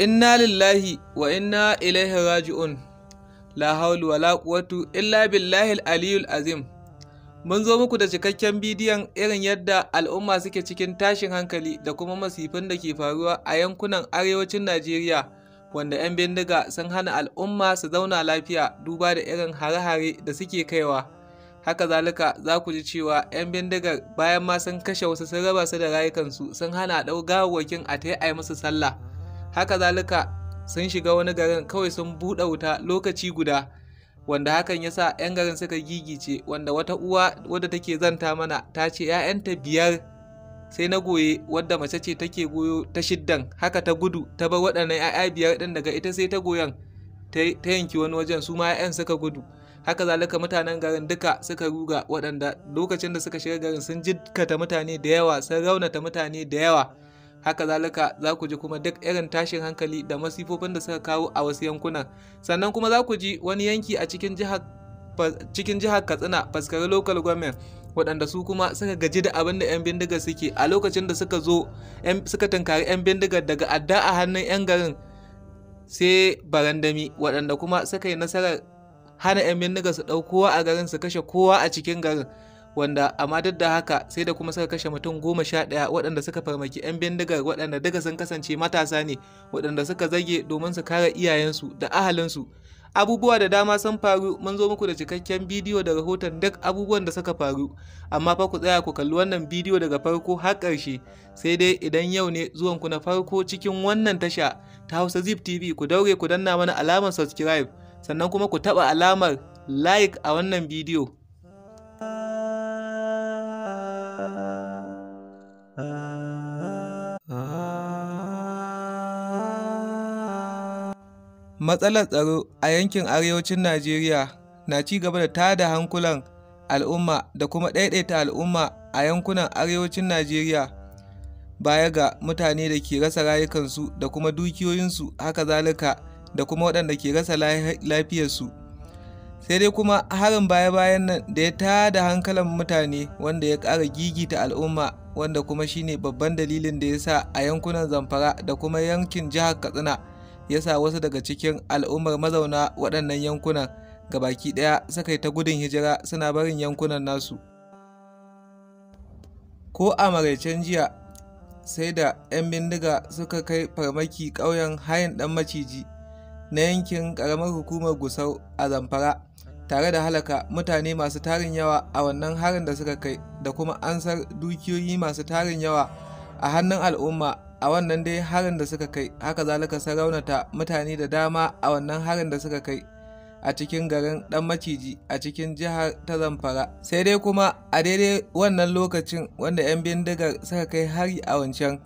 inna lillahi wa inna ilaihi raji'un la haulu wa la quwwata illa billahi al-aliyul azim mun zo muku da cikakken bidiyon irin yadda al'umma suke cikin tashin hankali da kuma masifin da ke faruwa a yankunan arewacin Najeriya wanda 'yan bindiga sun hana al'umma su zauna lafiya duba da irin hare-hare da suke kaiwa haka zalika za ku ji cewa 'yan bindigar bayan ma sun kashe wasu sun raba su da rayukansu sun hana ɗau gawarwakin a ta yi musu sallah haka zalika sun shiga wani garin kawai sun buɗe wuta lokaci guda wanda hakan ya sa 'yan garin suka gigice wanda wata uwa wadda take zanta mana ta ce 'ya'yanta biyar sai na goye wadda mace ce take goyo ta shiddan haka ta gudu ta bar waɗannan 'ya'ya biyar ɗin daga ita sai ta goyon ta yanki wani wajen su ma 'ya'yan suka gudu haka zalika mutanen garin duka suka ruga waɗanda lokacin da suka shiga garin sun jikkata mutane da yawa sun raunata mutane da yawa haka zalika za ku ji kuma duk irin tashin hankali da masifofin da suka kawo a wasu yankunan sannan kuma za ku ji wani yanki a cikin jihar katsina faskari local government waɗanda su kuma suka gaji da abin da 'yan bindiga suke a lokacin da suka zo suka tunkari 'yan bindiga daga adda a hannun 'yan garin sai barandami waɗanda kuma suka yi nasarar hana 'yan bindiga su ɗau kowa a garin su kashe kowa a cikin garin wanda amma duk da haka sai da kuma suka kashe mutum goma sha ɗaya waɗanda suka farmaki 'yan bindigar waɗanda duka sun kasance matasa ne waɗanda suka zage domin su kare iyayensu da ahalinsu abubuwa da dama sun faru mun zo muku da cikakken bidiyo da rahoton duk abubuwan da suka faru amma fa ku tsaya ku kalli wannan bidiyo daga farko har ƙarshe sai dai idan yau ne zuwanku na farko cikin wannan tasha ta hausa zip tv ku daure ku danna mana alamar subscribe sannan kuma ku taɓa alamar like a wannan bidiyo Matsalar tsaro a yankin arewacin Najeriya na ci gaba da tada hankulan al'umma da kuma ɗaiɗaita al'umma a yankunan arewacin Najeriya baya ga mutane da ke rasa rayukansu da kuma dukiyoyinsu haka zalika da kuma waɗanda ke rasa lafiyarsu. sai dai kuma harin baya-bayan nan da ya tada hankalin mutane wanda ya ƙara gigita al'umma wanda kuma shine babban dalilin da ya sa a yankunan zamfara da kuma yankin jihar katsina ya sa wasu daga cikin al'ummar mazauna waɗannan yankunan ga baki ɗaya suka yi ta gudun hijira suna barin yankunan nasu ko a maraicen jiya sai da 'yan bindiga suka kai farmaki ƙauyen hayin ɗan maciji na yankin ƙaramar hukumar gusau a zamfara tare da halaka mutane masu tarin yawa a wannan harin da suka kai da kuma ansar dukiyoyi masu tarin yawa a hannun al'umma a wannan dai harin da suka kai haka zalika sun raunata mutane da dama a wannan harin da suka kai a cikin garin dan maciji a cikin jihar ta zamfara sai dai kuma a daidai wannan lokacin wanda 'yan bindigar suka kai hari a wancan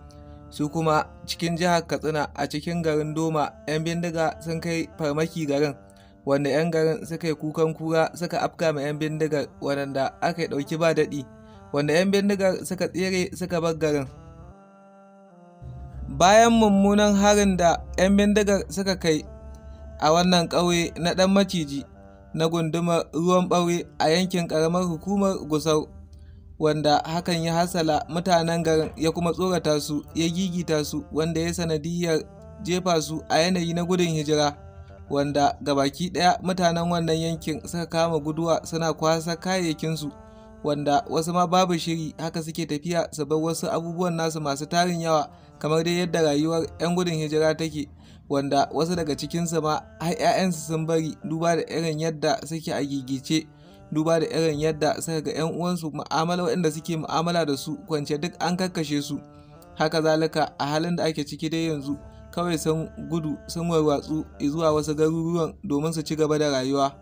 su kuma cikin jihar katsina a cikin garin doma 'yan bindiga sun kai farmaki garin wanda 'yan garin suka yi kukan kura suka afka ma 'yan bindigar wadanda aka yi ɗauki ba daɗi wanda 'yan bindigar suka tsere suka bar garin bayan mummunan harin da 'yan bindigar suka kai a wannan ƙauye na ɗan maciji na gundumar ruwan ɓaure a yankin ƙaramar hukumar gusau wanda hakan ya hasala mutanen garin ya kuma tsorata su ya gigita su wanda ya sanadiyar jefa su a yanayi na gudun hijira wanda gabaki ɗaya mutanen wannan yankin suka kama guduwa suna kwasa kayayyakinsu wanda wasu ma babu shiri haka suke tafiya su bar wasu abubuwan nasu masu tarin yawa kamar dai yadda rayuwar 'yan gudun hijira take wanda wasu daga cikinsu ma har 'ya'yansu sun bari duba da irin yadda suke a gigice duba da irin yadda suka ga 'yan uwansu mu'amala waɗanda suke mu'amala da su kwance duk an karkashe su haka zalika a halin da ake ciki dai yanzu kawai sun gudu sun warwatsu zuwa wasu garuruwan domin su ci gaba da rayuwa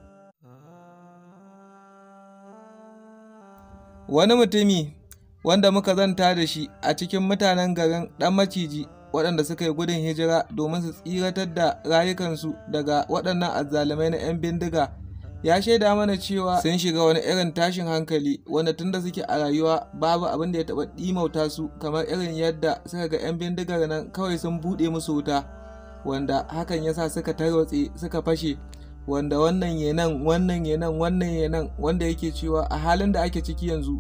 wani mutumi wanda muka zanta da shi a cikin mutanen garin ɗan maciji waɗanda suka yi gudun hijira domin su tsiratar da rayukansu daga waɗannan azzalumai na 'yan bindiga ya shaida mana cewa sun shiga wani irin tashin hankali wanda tunda suke a rayuwa babu abin da ya taba dimauta su kamar irin yadda suka ga 'yan bindigar nan kawai sun bude musu wuta wanda hakan ya sa suka tarwatse suka fashe wanda wannan nan wannan nan wannan nan wanda yake cewa a halin da ake ciki yanzu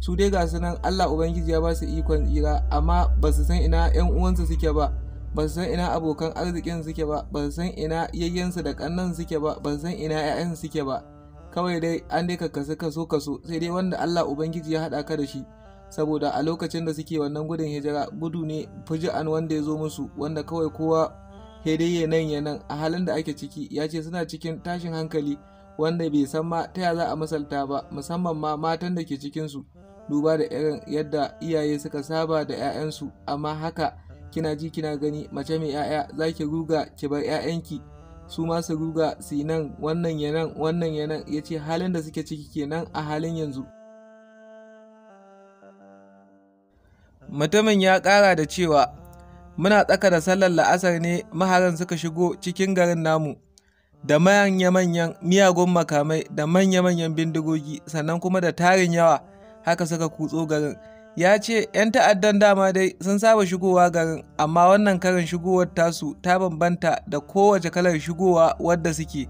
su dai ga su nan Allah Ubangiji ya ba su ikon tsira amma ba su san ina 'yan uwansu suke ba ban san ina abokan arzikin suke ba ban san ina yayyansu da kannan suke ba ban san ina ƴaƴan suke ba kawai dai an dai kakkasu kaso kaso sai dai wanda Allah ubangiji ya haɗa ka da shi saboda a lokacin da suke wannan gudun hijira gudu ne an wanda ya zo musu wanda kawai kowa ya nan ya nan a halin da ake ciki ya ce suna cikin tashin hankali wanda bai san ma ta ya za a masalta ba musamman ma matan da ke cikinsu duba da irin yadda iyaye suka saba da 'ya'yansu amma haka kina ji kina gani mace mai 'ya'ya za ki ruga ki bar 'ya'yanki su ma su ruga su yi nan wannan ya nan wannan ya nan ya ce halin da suke ciki kenan a halin yanzu mutumin ya ƙara da cewa muna tsaka da sallar la'asar ne maharan suka shigo cikin garin namu da manya-manyan miyagun makamai da manya-manyan bindigogi sannan kuma da tarin yawa haka suka kutso garin ya ce 'yan ta'addan dama dai sun saba shigowa garin amma wannan karin shigowar tasu ta bambanta da kowace kalar shigowa wadda suke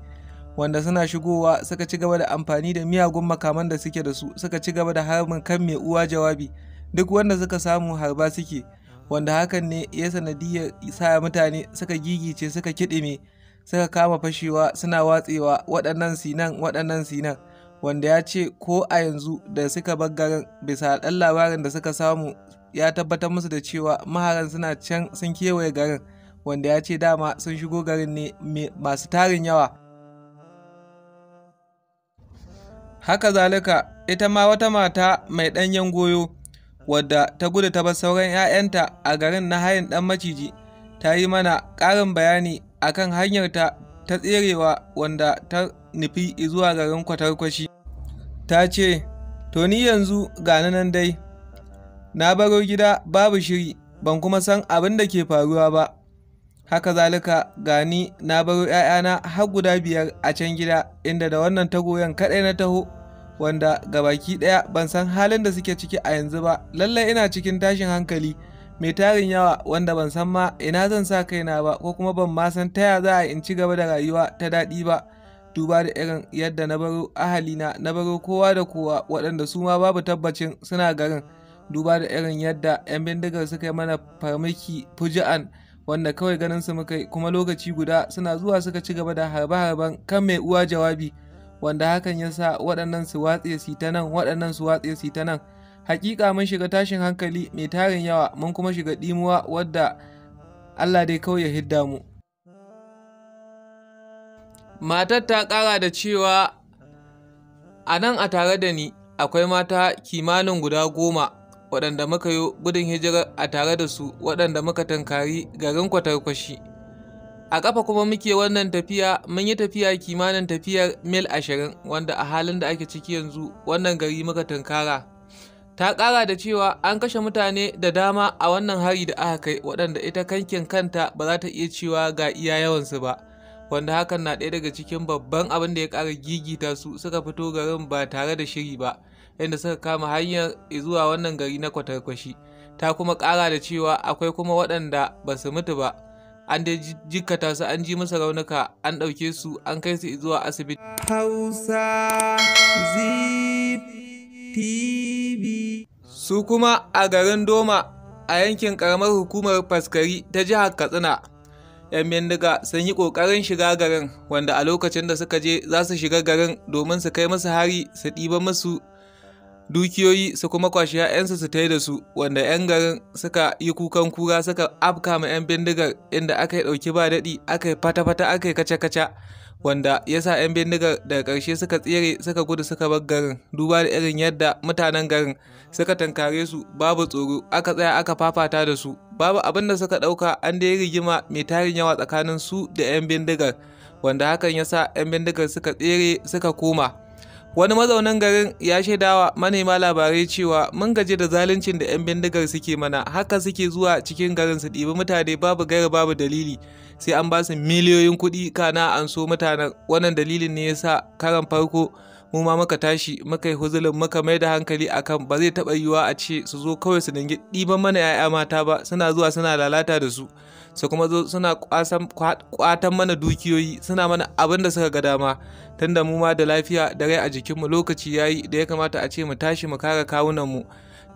wanda suna shigowa suka ci gaba da amfani da miyagun makaman da suke da su suka ci gaba da harbin kan mai uwa jawabi duk wanda suka samu harba suke wanda hakan ne ya sanadiyar sa mutane suka gigice suka kiɗime suka kama fashewa suna watsewa waɗannan sinan waɗannan sinan wanda ya ce ko a yanzu da suka bar garin bisa ɗan labarin da suka samu ya tabbatar musu da cewa maharan suna can sun kewaye garin wanda ya ce dama sun shigo garin ne masu tarin yawa haka zalika ita ma wata mata mai ɗanyen goyo wadda ta gudu ta bar sauran 'ya'yanta a garin na hayin ɗan maciji ta yi mana ƙarin bayani akan hanyarta ta tserewa wanda ta nufi zuwa garin kwatarkwashi ta ce, To ni yanzu gani nan dai, na baro gida babu shiri ban kuma san abin da ke faruwa ba, haka zalika gani na baro ‘ya'yana har guda biyar a can gida inda da wannan tagoyan kaɗai na taho, wanda ga baki ɗaya ban san halin da suke ciki a yanzu ba, lallai ina cikin tashin hankali. mai tarin yawa wanda ban san ma ina zan sa kaina ba ko kuma ban ma san ta ya za a in ci gaba da rayuwa ta daɗi ba duba da irin yadda na baro ahalina na baro kowa da kowa waɗanda su ma babu tabbacin suna garin duba da irin yadda 'yan bindigar suka yi mana farmaki fuji'an wanda kawai ganin su muka yi kuma lokaci guda suna zuwa suka ci gaba da harbe-harben kan mai uwa jawabi wanda hakan ya sa waɗannan su watse su ta nan waɗannan su watse su ta nan hakika mun shiga tashin hankali mai tarin yawa mun kuma shiga ɗimuwa wadda Allah dai kawai ya hidda mu Matar ta ƙara da cewa a nan a tare da ni akwai mata kimanin guda goma waɗanda muka yi gudun hijira a tare da su waɗanda muka tankari garin kwatarkwashi. A ƙafa kuma muke wannan tafiya mun yi tafiya kimanin tafiyar mil ashirin wanda a halin da ake ciki yanzu wannan gari muka tankara. Ta ƙara da cewa an kashe mutane da dama a wannan hari da aka kai waɗanda ita kankin kanta ba za ta iya cewa ga iya yawansu ba. wanda hakan na ɗaya daga cikin babban abin da ya ƙara gigita su suka fito garin ba tare da shiri ba inda suka kama hanyar zuwa wannan gari na kwatarkwashi ta kuma ƙara da cewa akwai kuma waɗanda ba su mutu ba an dai jikata su an ji musu raunuka an ɗauke su an kai su zuwa asibiti hausa tv su kuma a garin doma a yankin ƙaramar hukumar faskari ta jihar katsina 'yan bindiga sun yi ƙoƙarin shiga garin wanda a lokacin da suka je za su shiga garin domin su kai musu hari su ɗiba musu dukiyoyi su kuma kwashi 'ya'yansu su tai da su wanda 'yan garin suka yi kukan kura suka afka ma 'yan bindigar inda aka yi ɗauki ba daɗi aka yi fata-fata aka yi kaca-kaca wanda ya sa 'yan bindigar daga ƙarshe suka tsere suka gudu suka bar garin duba da irin yadda mutanen garin suka tankare su babu tsoro aka tsaya aka fafata da su babu abin da suka ɗauka an da rigima mai tarin yawa tsakanin su da 'yan bindigar wanda hakan ya sa 'yan bindigar suka tsere suka koma wani mazaunin garin ya shaidawa manema labarai cewa mun gaji da zaluncin da 'yan bindigar suke mana haka suke zuwa cikin garin su ɗibi mutane babu gaira babu dalili sai an basu miliyoyin kuɗi kana an so mutanen wannan dalilin ne ya sa karan farko mu ma muka tashi muka yi huzulin muka mai da hankali akan ba zai taɓa yiwuwa a ce su zo kawai su dangi ɗiban mana 'ya'ya mata ba suna zuwa suna lalata da su su kuma zo suna kwatan mana dukiyoyi suna mana abin da suka ga dama tunda mu ma da lafiya da rai a jikinmu lokaci yayi da ya kamata a ce mu tashi mu kare kawunan kawunanmu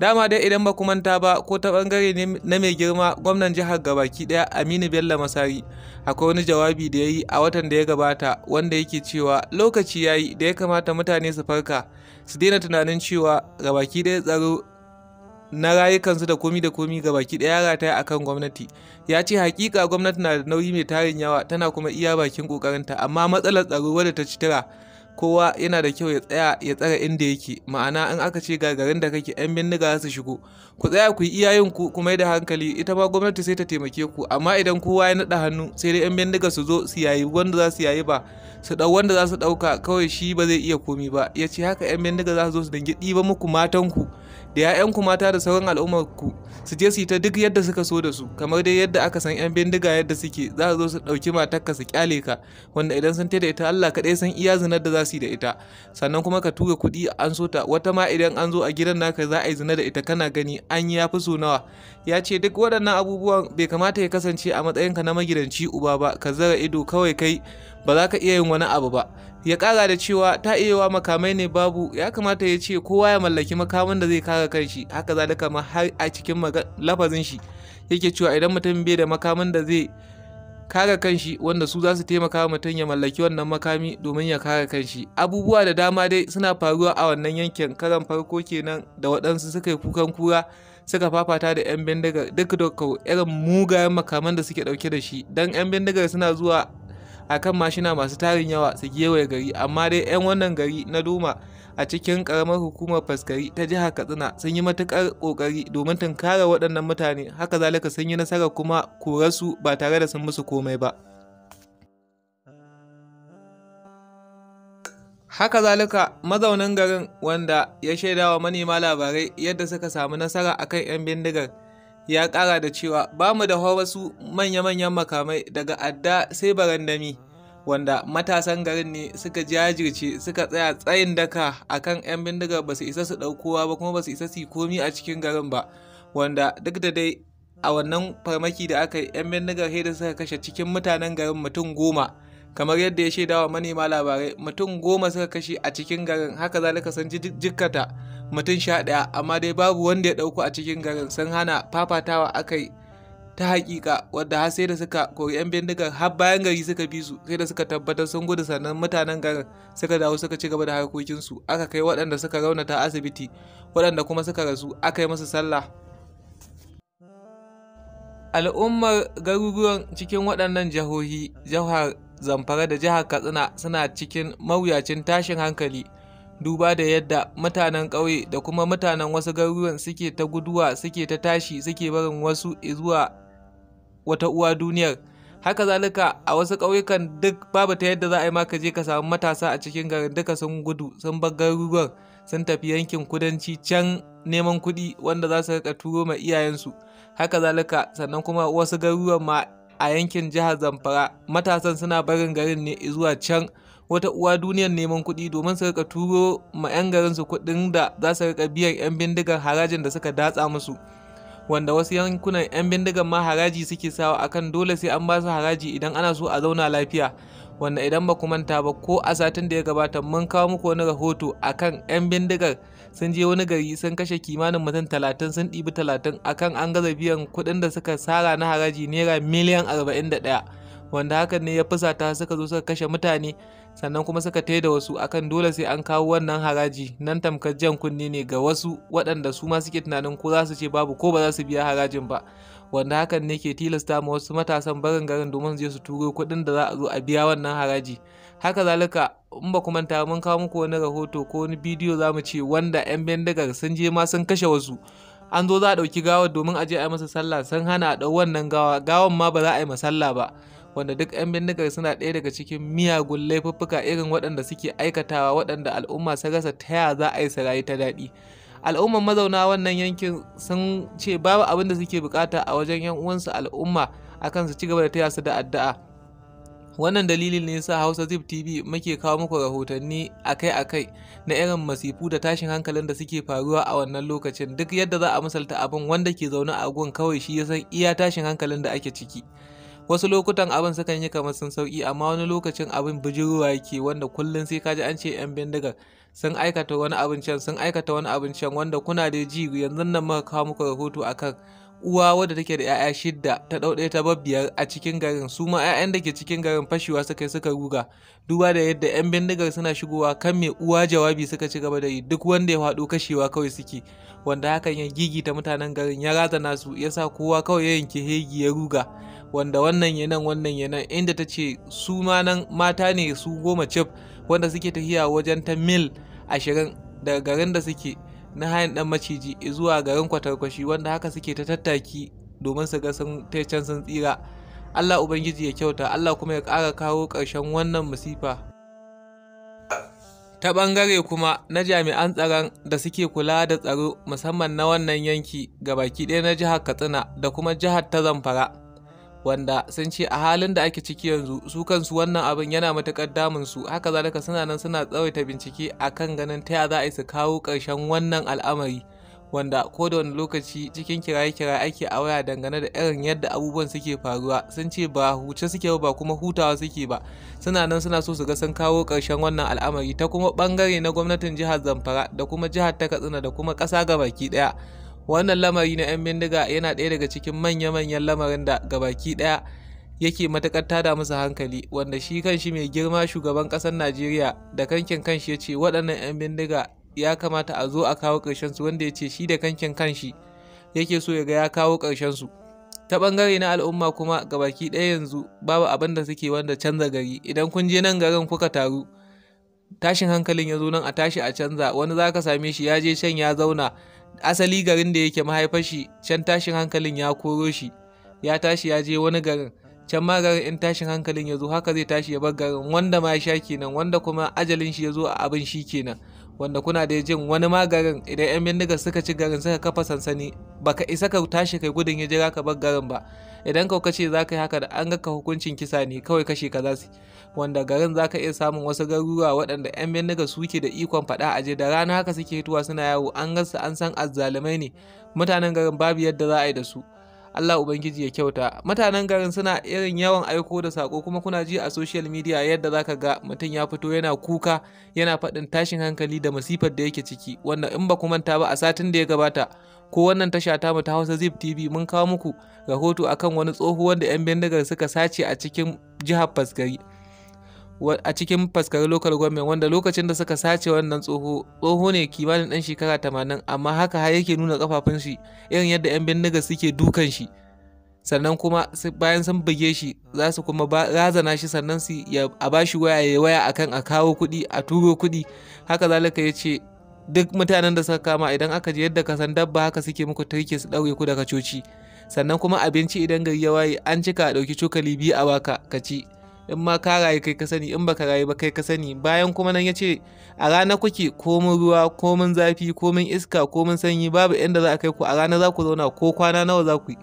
dama dai idan ba manta ba ko ta bangare ne na mai girma gwamnan jihar gabaki daya aminu bello masari akwai wani jawabi da ya yi a watan da ya gabata wanda yake cewa lokaci yayi da ya kamata mutane su farka su daina tunanin cewa gabaki daya tsaro na rayukansu da komi da komi ga baki ɗaya rataya akan gwamnati ya ce hakika gwamnati na da nauyi mai tarin yawa tana kuma iya bakin ƙoƙarinta. amma matsalar tsaro wadda ta ci tara kowa yana da kyau ya tsaya ya tsara inda yake ma'ana in aka ce gagarin da kake yan bindiga su shigo ku tsaya ku yi yin ku kuma da hankali ita ba gwamnati sai ta taimake ku amma idan kowa ya naɗa hannu sai dai yan bindiga su zo su yayi wanda za su yayi ba su ɗau, wanda za su ɗauka kawai shi ba zai iya komi ba ya ce haka yan bindiga za su zo su dangi ɗiba muku matan ku da 'ya'yanku mata da sauran al'ummar ku su je su yi ta duk yadda suka so da su kamar dai yadda aka san 'yan bindiga yadda suke za su zo su ɗauki matarka su kyale ka wanda idan sun da ita Allah kaɗai san iya zinar da za su yi da ita sannan kuma ka tura kuɗi an so ta wata ma idan an zo a gidan naka za a yi zina da ita kana gani an ya fi so nawa ya ce duk waɗannan abubuwan bai kamata ya kasance a matsayinka na magidanci uba ba ka zara ido kawai kai ba za ka iya yin wani abu ba ya kara da cewa ta wa makamai ne babu ya kamata ya ce kowa ya mallaki makamin da zai kare kanshi haka zalika ma har a cikin lafazin shi yake cewa idan mutum bai da makamin da zai kare kanshi wanda su za su taimaka mutum ya mallaki wannan makami domin ya kare kanshi abubuwa da dama dai suna faruwa a wannan yankin karan farko kenan da waɗansu suka yi kukan kura suka fafata da 'yan bindigar duk da irin mugayen makaman da suke ɗauke da shi don 'yan bindigar suna zuwa akan mashina masu tarin yawa su gewaye gari amma dai 'yan wannan gari na duma a cikin karamar hukumar faskari ta jihar katsina sun yi matukar kokari domin tunkara waɗannan mutane haka zalika sun yi nasara kuma korarsu ba tare da sun musu komai ba haka zalika mazaunan garin wanda ya shaidawa manema labarai yadda suka samu nasara akan 'yan bindigar ya ƙara da cewa ba mu da wasu manya-manyan makamai daga adda sai barandami wanda matasan garin ne suka jajirce suka tsaya tsayin daka a kan 'yan bindigar ba su isa su ɗaukowa ba kuma ba su isa su yi komi a cikin garin ba wanda duk da dai a wannan farmaki da aka yi 'yan bindigar da suka kashe cikin mutanen garin mutum goma kamar yadda ya shaidawa manema labarai mutum goma suka kashe a cikin garin haka zalika sun jikkata mutum sha ɗaya amma dai babu wanda ya ɗauko a cikin garin sun hana fafatawa aka yi ta hakika wadda har sai da suka kori 'yan bindigar har bayan gari suka bi su sai da suka tabbatar sun gudu sannan mutanen garin suka dawo suka ci gaba da harkokinsu aka kai waɗanda suka raunata asibiti waɗanda kuma suka rasu aka yi musu sallah al'ummar garuruwan cikin waɗannan jihohi jihar zamfara da jihar katsina suna cikin mawuyacin tashin hankali duba da yadda mutanen ƙauye da kuma mutanen wasu garuruwan suke ta guduwa suke ta tashi suke barin wasu zuwa wata uwa duniyar haka zalika a wasu ƙauyukan duk babu ta yadda za a yi ma ka je ka samu matasa a cikin garin duka sun gudu sun bar garuruwan sun tafi yankin kudanci can neman kuɗi wanda za su rika turo ma iyayensu haka zalika sannan kuma wasu garuruwan ma a yankin jihar zamfara matasan suna barin garin ne zuwa can wata uwa duniyar neman kuɗi domin su rika turo ma 'yan garin su kuɗin da za su rika biyan 'yan bindigar harajin da suka datsa musu wanda wasu yankunan 'yan bindigar ma haraji suke sawa akan dole sai an ba su haraji idan ana so a zauna lafiya wanda idan ba ku manta ba ko a satin da ya gabata mun kawo muku wani rahoto akan 'yan bindigar sun je wani gari sun kashe kimanin mutum talatin sun ɗibi talatin akan an gaza biyan kuɗin da suka sara na haraji naira miliyan arba'in da ɗaya wanda hakan ne ya fusata suka zo suka kashe mutane sannan kuma suka da wasu akan dole sai an kawo wannan haraji nan tamkar jan kunne ne ga wasu waɗanda su ma suke tunanin ko za su ce babu ko ba za su biya harajin ba wanda hakan ne ke tilasta ma wasu matasan barin garin domin su je su turo kuɗin da za a zo a biya wannan haraji haka zalika in ba kuma ta mun kawo muku wani rahoto ko wani bidiyo za mu ce wanda 'yan bindigar sun je ma sun kashe wasu an zo za a ɗauki gawar domin a je a yi masa sallah sun hana a ɗau wannan gawa gawan ma ba za a yi masalla ba wanda duk 'yan bindigar suna ɗaya daga cikin miyagun laifuffuka irin waɗanda suke aikatawa waɗanda al'umma su rasa ta yaya za a yi su rayu ta daɗi al'umman mazauna wannan yankin sun ce babu abin da suke bukata a wajen 'yan uwansu al'umma akan su ci gaba da taya su da addu'a wannan dalilin ne sa Hausa Zip TV muke kawo muku rahotanni akai-akai na irin masifu da tashin hankalin da suke faruwa a wannan lokacin duk yadda za a misalta abin wanda ke zaune a gun kawai shi ya san iya tashin hankalin da ake ciki wasu lokutan abin sukan yi kamar sun sauki amma wani lokacin abin bijirowa yake wanda kullum sai kaji an ce yan bindigar sun aikata wani abin sun aikata wani abin wanda kuna da ji yanzu nan muka kawo muku rahoto akan uwa wadda take da 'ya'ya shidda ta ɗau ta babbiyar a cikin garin su ma 'ya'yan da ke cikin garin fashewa suka yi suka ruga duba da yadda 'yan bindigar suna shigowa kan mai uwa jawabi suka ci gaba da yi duk wanda ya faɗo kashewa kawai suke wanda hakan ya gigita mutanen garin ya razana su ya sa kowa kawai ya yanke hegi ya ruga wanda wannan ya nan wannan ya nan inda ta ce su ma nan mata ne su goma cif wanda suke tafiya wajen ta mil ashirin daga garin da suke na hayan dan maciji zuwa garin kwatarkwashi wanda haka suke ta tattaki domin su ga sun can sun tsira Allah Ubangiji ya kyauta Allah kuma ya ƙara kawo ƙarshen wannan masifa. ta ɓangare kuma na jami'an tsaron da suke kula da tsaro musamman na wannan yanki ga baki ɗaya na jihar Katsina da kuma jihar ta Zamfara. wanda sun ce a halin da ake ciki yanzu su kansu wannan abin yana matuƙar damun su haka zalika suna nan suna tsawaita bincike a kan ganin ta za a yi su kawo ƙarshen wannan al'amari wanda ko da wani lokaci cikin kiraye-kiraye ake a waya dangane da irin yadda abubuwan suke faruwa sun ce ba huce suke ba kuma hutawa suke ba suna nan suna so su ga sun kawo ƙarshen wannan al'amari ta kuma ɓangare na gwamnatin jihar zamfara da kuma jihar ta katsina da kuma ƙasa baki ɗaya wannan lamari na 'yan bindiga yana ɗaya daga cikin manya-manyan lamarin da gabaki ɗaya yake matuƙar tada musu hankali wanda shi kanshi mai girma shugaban ƙasar najeriya da kankin kanshi ya ce waɗannan 'yan bindiga ya kamata a zo a kawo ƙarshen su wanda ya ce shi da kankin kanshi yake so ya ga ya kawo ƙarshen su ta bangare na al'umma kuma ga baki ɗaya yanzu babu abin da suke wanda canza gari idan kun je nan garin kuka taru tashin hankalin ya zo nan a tashi a canza wani za ka same shi ya je can ya zauna asali garin da yake mahaifar shi can tashin hankalin ya koro shi ya tashi ya je wani garin can ma garin in tashin hankalin ya zo haka zai tashi ya bar garin wanda ma ya sha kenan wanda kuma ajalin shi ya zo a abin shi kenan wanda kuna da jin wani ma garin idan 'yan bindiga suka ci garin suka kafa sansani baka isa ka tashi kai gudun hijira ka bar garin ba idan ka kace za ka yi haka da an ga ka hukuncin kisa ne kawai kashe ka zasu wanda garin za ka iya samun wasu garuruwa waɗanda 'yan bindiga suke da ikon faɗa aje da rana haka suke hituwa suna yawo an gasa an san azzalumai ne mutanen garin babu yadda za a yi da su Allah ubangiji ya kyauta mutanen garin suna irin yawan aiko da sako kuma kuna ji a social media yadda zaka ga mutum ya fito yana kuka yana faɗin tashin hankali da masifar da yake ciki wanda in ba ku manta ba a satin da ya gabata ko wannan tasha ta mu ta Hausa Zip TV mun kawo muku rahoto akan wani tsohuwar da 'yan bindigar suka sace a cikin jihar Fasgari. a cikin faskari local government wanda lokacin da suka sace wannan tsoho tsoho ne kimanin dan shekara tamanin amma haka har yake nuna kafafun shi irin yadda yan bindiga suke dukan shi sannan kuma bayan sun buge shi za su kuma razana shi sannan su a ba shi waya ya waya akan a kawo kuɗi a turo kuɗi haka zalika ya ce duk mutanen da suka kama idan aka je yadda ka san dabba haka suke muku turke su ɗauke ku daga coci sannan kuma abinci idan gari ya waye an cika a ɗauki cokali biyu a baka ka ci in ma ka rayu kai ka sani in baka rayu ba kai ka sani bayan kuma nan ya ce a rana kuke komin ruwa komin zafi komin iska komin sanyi babu inda za a kai ku a rana za ku zauna ko kwana nawa za ku yi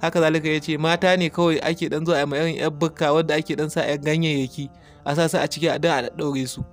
haka zalika ya ce mata ne kawai ake dan zuwa a mai irin yan bukka wadda ake dan sa a ganyayyaki a sa su a ciki a dan a daure su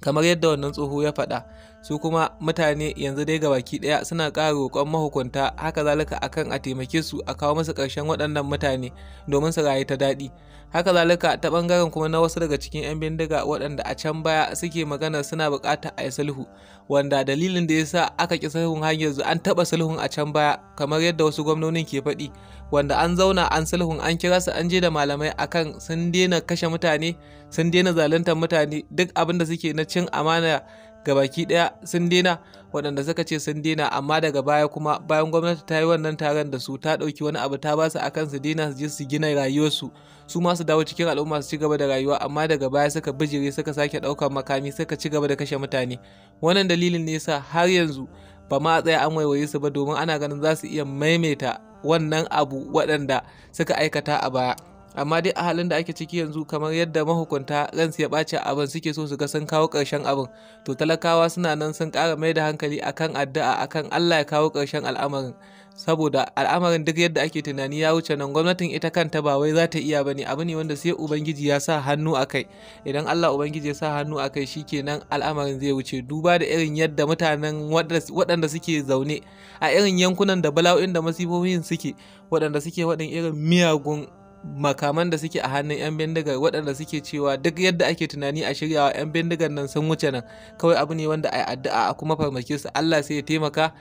kamar yadda wannan tsoho ya faɗa su kuma mutane yanzu dai ga baki daya suna ƙara roƙon mahukunta haka zalika akan a taimake su a kawo musu ƙarshen waɗannan mutane domin su rayu ta daɗi haka zalika ta ɓangaren kuma na wasu daga cikin 'yan bindiga waɗanda a can baya suke magana suna buƙatar a yi sulhu wanda dalilin da ya sa aka ƙi sulhun har yanzu an taɓa sulhun a can baya kamar yadda wasu gwamnonin ke faɗi wanda an zauna an sulhun an kira su an je da malamai akan sun daina kashe mutane sun daina zaluntar mutane duk abin da suke na cin amana gabaki daya sun daina waɗanda suka ce sun daina amma daga baya kuma bayan gwamnati ta yi wannan taron da su ta ɗauki wani abu ta basu akan su daina su je su gina rayuwarsu su ma su dawo cikin al'umma su ci gaba da rayuwa amma daga baya suka bijire suka sake ɗaukar makami suka ci gaba da kashe mutane wannan dalilin ne yasa har yanzu ba ma a tsaya an waiwaye su ba domin ana ganin za su iya maimaita wannan abu waɗanda suka aikata a baya amma dai a halin da ake ciki yanzu kamar yadda mahukunta ransu ya ɓaci abin suke so su ga sun kawo ƙarshen abin to talakawa suna nan sun ƙara mai da hankali akan addu'a akan Allah ya kawo ƙarshen al'amarin saboda al'amarin duk yadda ake tunani ya wuce nan gwamnatin ita kanta ba wai za ta iya bane abu ne wanda sai ubangiji ya sa hannu a kai idan Allah ubangiji ya sa hannu a kai shikenan al'amarin zai wuce duba da irin yadda mutanen waɗanda suke zaune a irin yankunan da bala'o'in da masifofin suke waɗanda suke waɗin irin miyagun makaman da suke a hannun 'yan bindigar waɗanda suke cewa duk yadda ake tunani a shiryawa 'yan bindigar nan sun wuce nan kawai abu ne wanda a yi addu'a a kuma farmake su Allah sai ya taimaka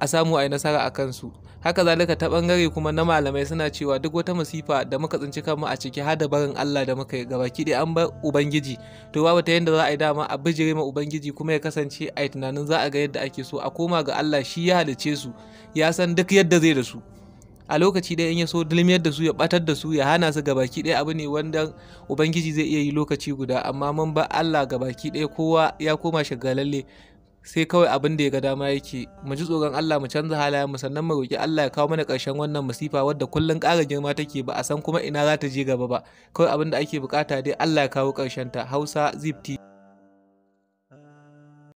a samu a yi nasara a kansu haka zalika ta bangare kuma na malamai suna cewa duk wata masifa da muka tsinci kanmu a ciki har da barin Allah da muka yi gaba kiɗi an bar ubangiji to babu ta yadda za a yi dama a bijire ma ubangiji kuma ya kasance a yi tunanin za a ga yadda ake so a koma ga Allah shi ya halice su ya san duk yadda zai da su a lokaci ɗaya in ya so dulmiyar da su ya batar da su ya hana su gabaki ɗaya abu ne wanda ubangiji zai iya yi lokaci guda amma mun ba Allah gabaki ɗaya kowa ya koma shagalalle sai kawai abin da ya ga dama yake mu ji tsoron Allah mu canza halayen mu sannan mu roki Allah ya kawo mana ƙarshen wannan masifa wadda kullun ƙara girma take ba a san kuma ina za ta je gaba ba kawai abin da ake bukata dai Allah ya kawo ƙarshen ta Hausa Zip